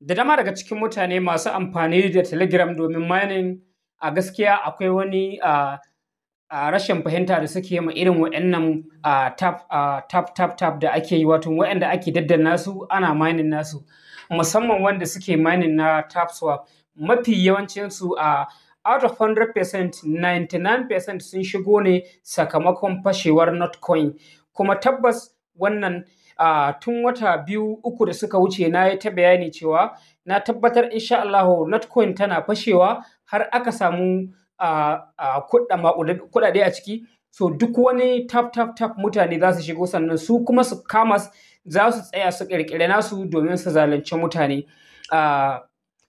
da dama daga cikin mutane masu amfani da telegram domin mining a gaskiya akwai wani a rashin fahimta da suke ma irin waɗannan tap tap tap da ake yi wato waɗanda ake daddana su ana mining nasu musamman wanda suke mining na tap swap mafi yawancinsu a out of 100% 99% sun shigo ne sakamakon fashewar notcoin kuma tabbas wannan a tun wata biyu uku da suka wuce na yi ta bayani cewa na tabbatar insha Allah Notcoin tana fashewa har aka samu kuɗaɗe a ciki so duk wani tap tap tap mutane za su shigo sannan su kuma su kama za su tsaya su ƙirƙire nasu domin su zalunce mutane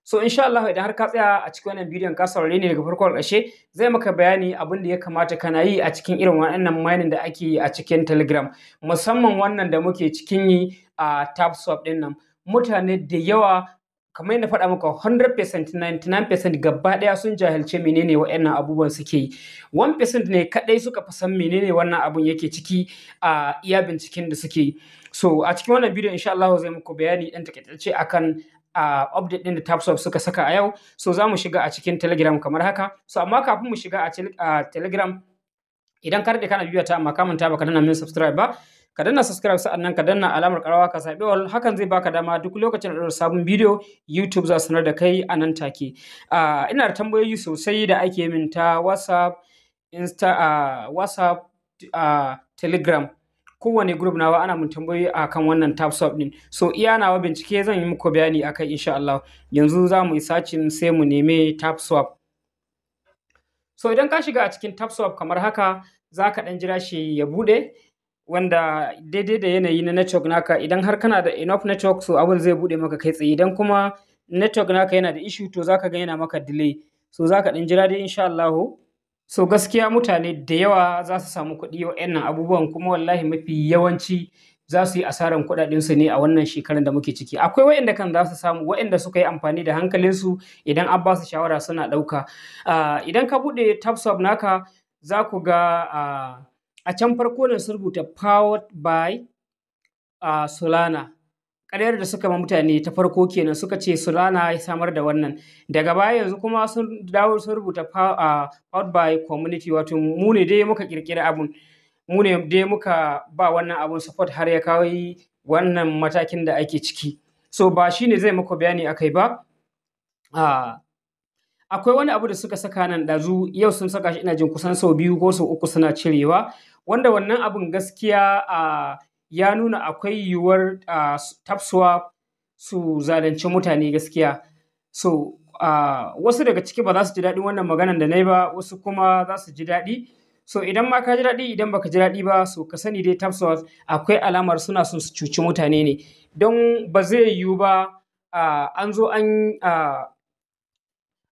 So insha Allah idan har ka tsaya a cikin wannan bidiyon ka saurare ne daga farko ƙarshe zai maka bayani abin da ya kamata kana yi a cikin irin wannan mining da ake yi a cikin Telegram musamman wannan da muke cikin yi a TapSwap din nan mutane da yawa kamar yadda faɗa muka 100% 99% gaba ɗaya sun jahilce menene waɗannan abubuwan suke yi 1% ne kaɗai suka fi san menene wannan abun yake ciki a iya binciken da suke yi so a cikin wannan bidiyon insha Allah zai muku bayani ɗan takaitacce akan a update ɗin da Tapsoft suka saka a yau so za mu shiga a cikin Telegram kamar haka so amma kafin mu shiga a Telegram idan ka rade kana biyu ta amma ka manta ka danna min subscribe ba ka danna subscribe sa'annan ka danna alamar karawa ka sabi wal hakan zai baka dama duk lokacin da sabon bidiyo YouTube za su sanar da kai a nan take ina da tambayoyi sosai da ake min ta WhatsApp Insta WhatsApp Telegram kowane group nawa ana mun tambayoyi akan wannan tab sub din so iya nawa bincike zan yi muku bayani akai insha Allah yanzu za mu yi searching sai mu neme tab swap so idan ka shiga a cikin tab swap kamar haka za ka dan jira shi ya bude wanda daidai da yanayi na network naka idan har kana da enough network so abin zai bude maka kai tsaye idan kuma network naka yana da issue to zaka ga yana maka delay so zaka dan jira dai insha Allah so gaskiya mutane da yawa za su samu kuɗi wa 'yan abubuwan kuma wallahi mafi yawanci za su yi asaran kuɗaɗensu ne a wannan shekarar da muke ciki akwai wa'inda kan za su samu wa'inda suka yi amfani da hankalinsu idan an ba su shawara suna ɗauka ah, idan ka buɗe tapswap naka za ku ga ah, a can farko ne sun rubuta powered by ah, solana ƙaryar da suka ma mutane ta farko kenan suka ce su ya samar da wannan daga baya yanzu kuma sun dawo sun rubuta powered by community wato mu ne dai muka kirkira abun mu ne dai muka ba wannan abun support har ya kawo wannan matakin da ake ciki so ba shi ne zai muku bayani akai ba akwai wani abu da suka saka nan ɗazu yau sun saka shi ina jin kusan sau biyu ko sau uku suna cirewa wanda wannan abun gaskiya a ya nuna akwai yiwuwar tafsuwa su zalunci mutane gaskiya so wasu daga ciki ba za su ji daɗi wannan maganan da na yi ba wasu kuma za su ji daɗi so idan ma ka ji daɗi idan baka ji daɗi ba so ka sani dai tafsuwa akwai alamar suna son su cuci mutane ne don ba zai yiwu ba an zo an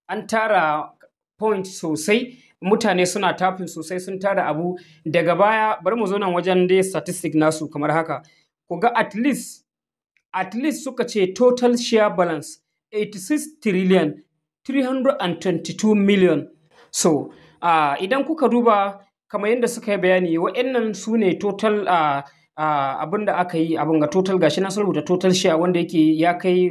an tara point sosai mutane suna tafin sosai sun tara abu daga baya bari mu zo nan wajen dai statistic nasu kamar haka ku ga at least at least suka ce total share balance 86 trillion 322 million so uh, idan kuka duba kamar yadda suka yi bayani wa'annan su ne total uh, uh, abin da aka yi abin ga total gashi na rubuta total share wanda yake ya kai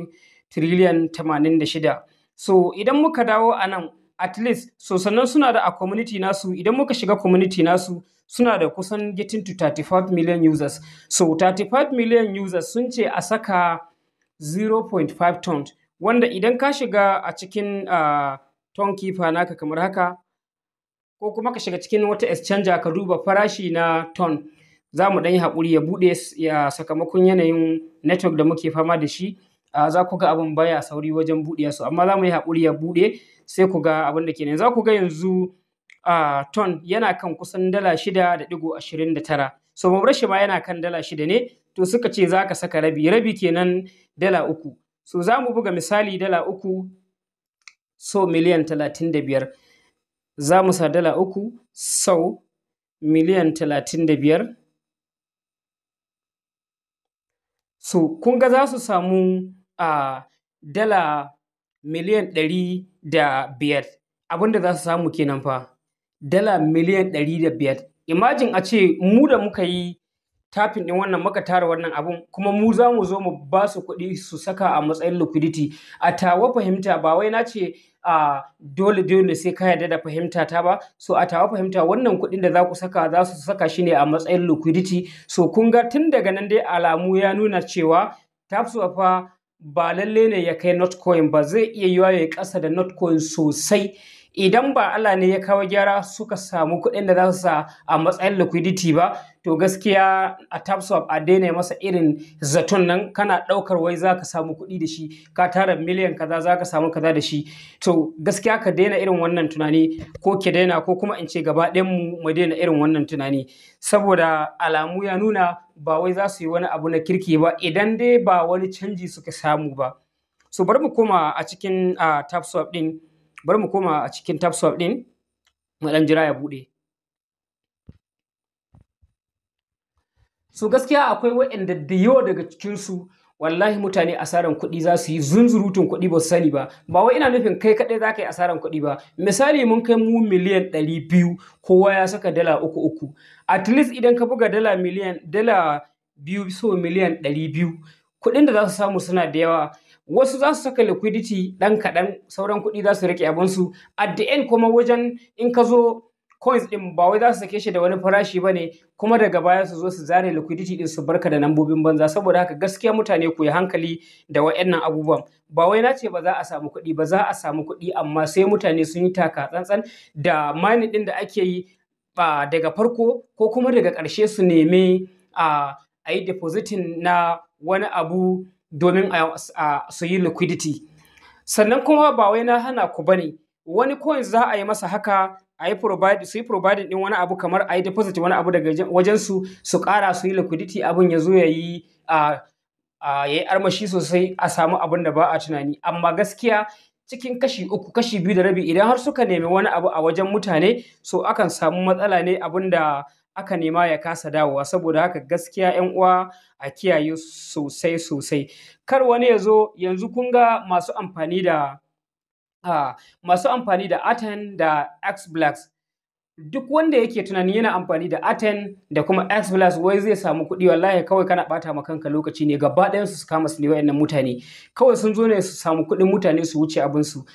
trillion 86 so idan muka dawo a nan at least so sannan suna da a community nasu idan muka shiga community nasu suna da kusan getting to 35 million users so 35 million users sun ce a saka 0.5 ton wanda idan ka shiga a cikin ton kifa naka kamar haka ko kuma ka shiga cikin wata exchange ka duba farashi na ton za mu ɗan yi haƙuri ya buɗe sakamakon yanayin network da muke fama da shi za ku ga abin baya sauri wajen buɗe su amma za mu yi haƙuri ya buɗe sai ku ga abin da ke nan za ku ga yanzu a ton yana kan kusan dala shida da ɗigo ashirin da tara so mabrashi ma yana kan dala shida ne to suka ce za ka saka rabi rabi kenan dala uku so za mu buga misali dala uku so miliyan talatin da biyar za mu sa dala uku sau miliyan talatin da biyar so kun ga za su samu a dala miliyan ɗari da biyar abinda za su samu kenan fa dala miliyan ɗari da biyar imajin a ce mu da muka yi tafin ɗin wannan muka tara wannan abun kuma mu za mu zo mu ba su kuɗi su saka a matsayin liquidity a tawa fahimta ba wai na ce a dole dole sai ka yarda da fahimta ta ba so a tawa fahimta wannan kuɗin da za ku saka za su saka shi ne a matsayin liquidity so kun ga tun daga nan dai alamu ya nuna cewa tafsuwa fa ba lalle ne ya kai notcoin ba zai iya yiwa ya ƙasa da notcoin sosai idan ba Allah ne ya kawo gyara suka samu kuɗin da za su sa a matsayin liquidity ba to gaskiya a taps of a daina masa irin zaton nan kana ɗaukar wai za ka samu kuɗi da shi ka tara miliyan kaza za ka samu kaza da shi to gaskiya ka daina irin wannan tunani ko ke daina ko kuma in ce gaba ɗayan mu mu daina irin wannan tunani saboda alamu ya nuna ba wai za su yi wani abu na kirki ba idan dai ba wani canji suka samu ba so bari mu koma a cikin uh, ah, tapswap ɗin bari mu koma a cikin tapswap din mu dan jira ya buɗe so gaskiya akwai waɗanda da yawa daga su wallahi mutane asaran kuɗi za su yi zunzurutun kuɗi ba sani ba ba wai ina nufin kai kaɗai za ka yi asaran kuɗi ba misali mun kai mu miliyan ɗari biyu kowa ya saka dala uku uku at least idan ka buga dala miliyan dala biyu so miliyan ɗari biyu kuɗin da za su samu suna da yawa wasu za su saka liquidity ɗan kaɗan sauran kuɗi za su riƙe abinsu at the end kuma wajen in ka zo coins ɗin ba wai za su sake shi da wani farashi ba ne kuma daga baya su zo su zare liquidity ɗin su barka da nambobin banza saboda haka gaskiya mutane ku yi hankali da wa'annan abubuwan ba wai na ce ba za a samu kuɗi ba za a samu kuɗi amma sai mutane sun yi taka tsantsan da mining ɗin da ake yi ba daga farko ko kuma daga ƙarshe su nemi a yi depositing na wani abu domin su yi liquidity sannan kuma ba wai na hana ku bane wani coin za a yi masa haka a yi provide su yi providing din wani abu kamar a yi deposit wani abu daga wajen su su kara su yi liquidity abin ya zo ya yi armashi sosai a samu abun da ba a tunani amma gaskiya cikin kashi uku kashi biyu da rabi idan har suka nemi wani abu a wajen mutane so akan samu matsala ne abin da aka nema ya kasa dawowa saboda haka gaskiya yan uwa a kiyaye sosai sosai kar wani ya zo yanzu kun ga masu amfani da a masu amfani da aten da x blacks duk wanda yake tunani yana amfani da aten da kuma x wai zai samu kuɗi wallahi kawai kana bata ma kanka lokaci ne gaba ɗayan su kama su ne wayannan mutane kawai sun zo ne su samu kuɗin mutane su wuce abinsu. su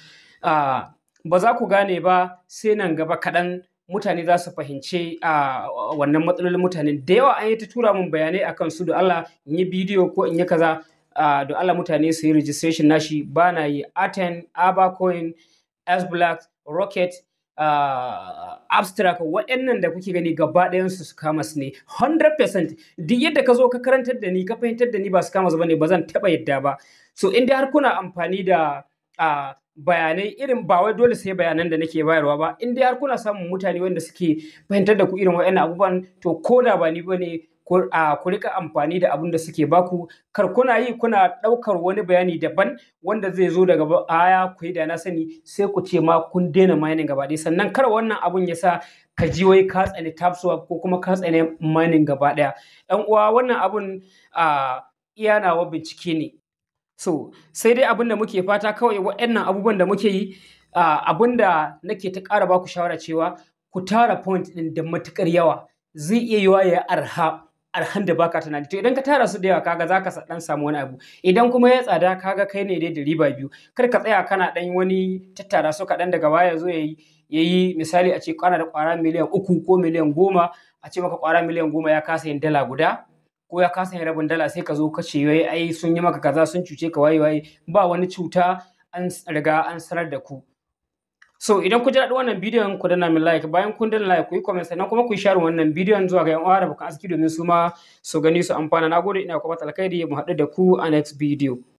ba za ku gane ba sai nan gaba kaɗan mutane za su fahimci a wannan matsalolin mutane da yawa an yi ta tura min bayanai akan su da Allah in yi bidiyo ko in yi kaza da Allah mutane su yi registration nashi ba na yi Aten, Abacoin, S-Black, Rocket, uh, abstract waɗannan da kuke gani gaba ɗayansu su kama su ne 100% duk yadda ka zo ka karantar da ni ka fahimtar da ni ba su kama su ba ne ba zan taɓa yadda ba so in dai har kuna amfani da uh, bayanai irin ba wai dole sai bayanan da nake bayarwa ba in dai har kuna samun mutane wanda suke fahimtar da ku irin waɗannan abubuwan to ko da ba ni bane ku rika amfani da abin da suke baku kar kuna yi kuna ɗaukar wani bayani daban wanda zai zo daga aya ku yi da na sani sai ku ce ma kun daina mining gaba ɗaya sannan kar wannan abun ya sa ka ji wai ka tsani tapsuwa ko kuma ka tsani mining gaba ɗaya ɗan uwa wannan abun a iya nawa bincike ne so sai dai abin da muke fata kawai waɗannan abubuwan da muke yi abin da nake ta ƙara baku shawara cewa ku tara point ɗin da matuƙar yawa zai iya yiwa ya arha arhan da baka tunani to idan ka tara su da yawa kaga zaka dan samu wani abu idan kuma ya tsada kaga kai ne dai da riba biyu kar ka tsaya kana dan wani tattara su kaɗan daga baya zo yayi yayi misali a ce kana da kwara miliyan uku ko miliyan goma a ce maka kwara miliyan goma ya kasa yin dala guda ko ya kasa yin rabin dala sai ka zo ka ce wai ai sun yi maka kaza sun cuce ka waye waye ba wani cuta an riga an sanar da ku so idan ku ji daɗin wannan bidiyon ku danna min like bayan kun danna like ku yi comment sannan kuma ku share wannan bidiyon zuwa ga yan uwa da bukan aski domin su ma su gani su amfana nagode ina kuma talakai da mu haɗu da ku a next video